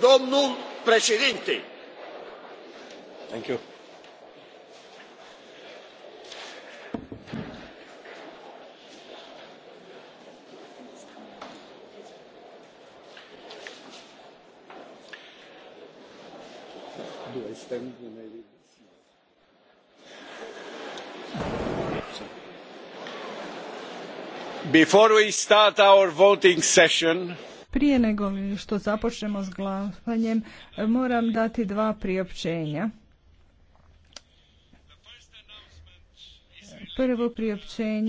domnul președinte. Thank you. Before we start our voting session, prije nego što započnemo s glasanjem, moram dati dva priopćenja. Prvo priopćenje